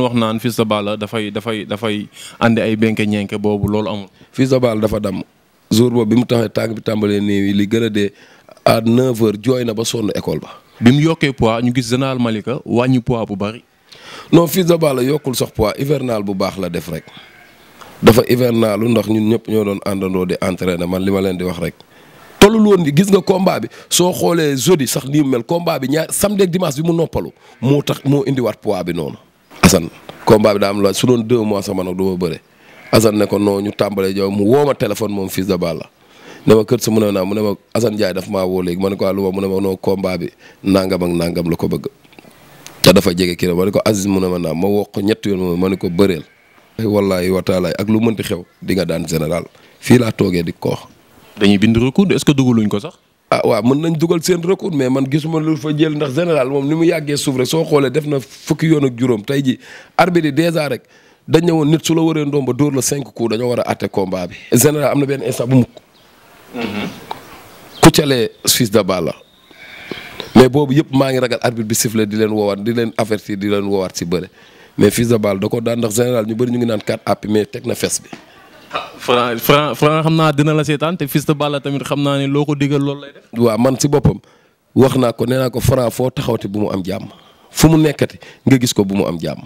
wax naan Fils de Balla dafay dafay dafay andi ay benke ñenke boobu loolu amul. Fils de Balla dafa dam jour boobu bi mu taxee tànk bi tàmbalee néew yi li gën a dee à 9h jooy na ba sonn école ba. bi mu yokkee poids ñu gis général Malika wàññi pois bu bari. non Fils de yokkul sax poids hivernal bu baax la def rek dafa hivernalu ndax ñun ñëpp ñoo doon àndandoo di entraîner man li ma leen di wax rek. tollul woon gis nga combat bi soo xoolee jeudi sax nii mu mel combat bi ñaar samedi ak dimanche bi mu noppalu moo tax moo indiwaat poids bi noonu. Assane combat bi daa am loo su doon deux mois sama nag du ma bëre Assane ne ko non ñu tàmbalee jaw mu woo ma téléphone moom fils de Balla ne ma kër sa mu ne naa mu ne ma Assane Ndiaye daf maa woo léegi ma ne ko lu ma mu ne ma non combat bi nangam ak nangam la ma ne ko Aziz mu ne ma naa ma woo ko ñetti ne ko bëreel. Eh, wallahi wa taala ak lu mënti xew di daan général fii laa toogee di koox. dañuy bind ko sax. ah waaw mën nañ dugal seen recours mais man gisuma lu fa jël ndax général moom ni mu yàggee suuf rek soo xoolee def na fukki yoonak juróom tey ji arbitre yi dèjà rek dañ ñëwoon nit su la waree ndomba dóor la cinq coups dañoo war a àtte combat bi. général am na benn instant bu mu. Mm-hmm. kuccalee Fils de la mais boobu yëpp maa ngi ragal arbitre bi sifflé di leen woowaat di leen avertir di leen woowaat si bëre mais Fils de Balla da ko daan ndax général ñu bëri ñu ngi naan 4 appuis mais teg na fes Franc ah, Franc Franc xam naa dina la seetaan te Fils de Balla tamit xam naa ne loo ko digal loolu lay def. waaw man si boppam wax naa ko nee naa ko Franc foo taxawte bu mu am jàmm fu mu nekkati nga gis ko bu mu am jàmm.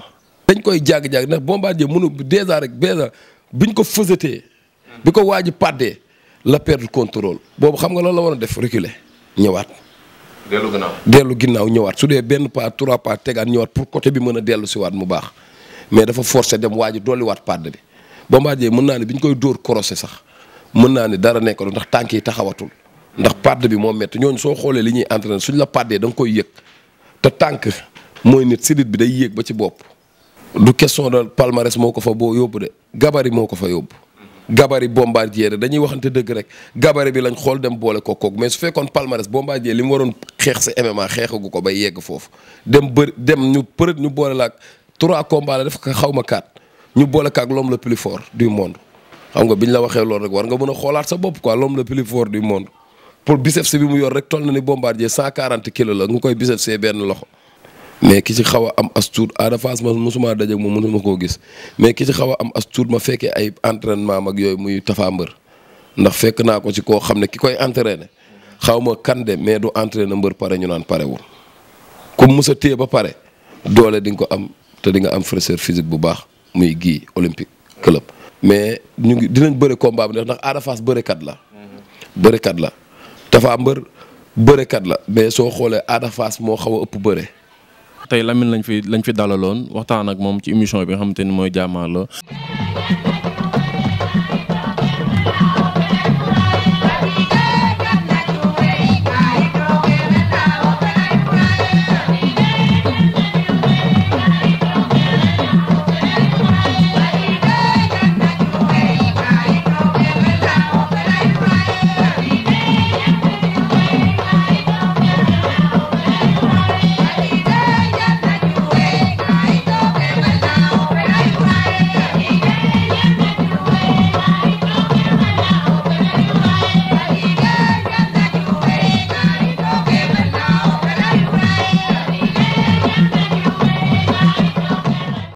dañ koy jàgg-jàgg ndax Bombardier mënu dèjà rek dèjà biñ ko fësatee. bi ko waaj a pàddee la boobu xam nga loolu la war a def reculer ñëwaat. dellu ginnaaw dellu ginnaaw ñëwaat su dee benn pas trois pas tegaat ñëwaat pour côté bi mën a dellu si waat mu baax mais dafa forcer dem waaj a dolliwaat pàdd bi. Bombardier mën naa ne bi ñu koy dóor korosé sax mën naa ne dara nekk ndax tànk yi taxawatul ndax padd bi moo métti ñooñu soo xoolee li ñuy entraîné suñ la paddee danga koy yëg te tànk mooy nit sidit bi day yéeg ba ci bopp. du question de palmarès moo ko fa boo yóbbu de gabari moo ko fa yóbbu. gabari bombardier dañuy waxante dëgg rek gabari bi lañ xool dem boole ko koog mais su fekkoon palmarès bombardier li mu waroon xeex sa MMA xeexagu ko bay yegg foofu dem bër dem ñu përët ñu boole la ak trois combats la def xaw ma kaat ñu boole kaak l'homme le plus fort du monde xam nga bi ñu la waxee loolu rek war nga mën a xoolaat sa bopp quoi l'homme le plus fort du monde pour biceps bi mu yor rek toll na ni bombardier cent quarante kilos la nga koy biceps see benn loxo mais ki si xaw a am as tuut Ada Fass ma mosuma daje moom mosuma koo gis mais ki ci xaw a am as tuut ma fekkee ay entraînement mag yooyu muy Tapha Mbeur ndax fekk naa ko ci koo xam ne ki koy entraîné xaw ma kan de mais du entraîné mbër pare ñu naan parewul comme musa téye ba pare doole di nga ko am te di nga am fraîcheur physique bu baax muy gii olympique club. mais ñu ngi dinañ bëre combat bi ndax Ada Fass bërekat la. bërekat la mbër Mbeur bërekat la mais soo xoolee Ada Fass moo xaw a ëpp bëre. tey Lamine lañ fi lañ fi dalaloon waxtaan ak moom ci émission bi nga xamante ni mooy Jamarloo.